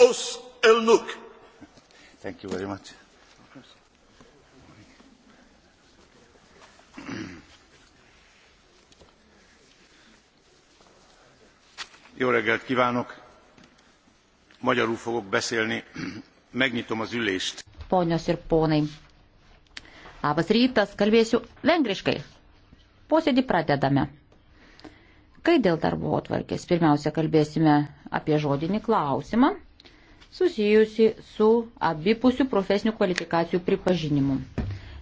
Os Elnuk. Thank you very much. Jó reggelt kívánok! Magyarul fogok beszélni. Megnyitom az ülést. Ponios ir ponai. Labas rytas, kalbėsiu vengriškai. Posėdį pradedame. Kai dėl darbo atvarkės, pirmiausia, kalbėsime apie žodinį klausimą susijusi su abipusių profesinių kvalifikacijų pripažinimu.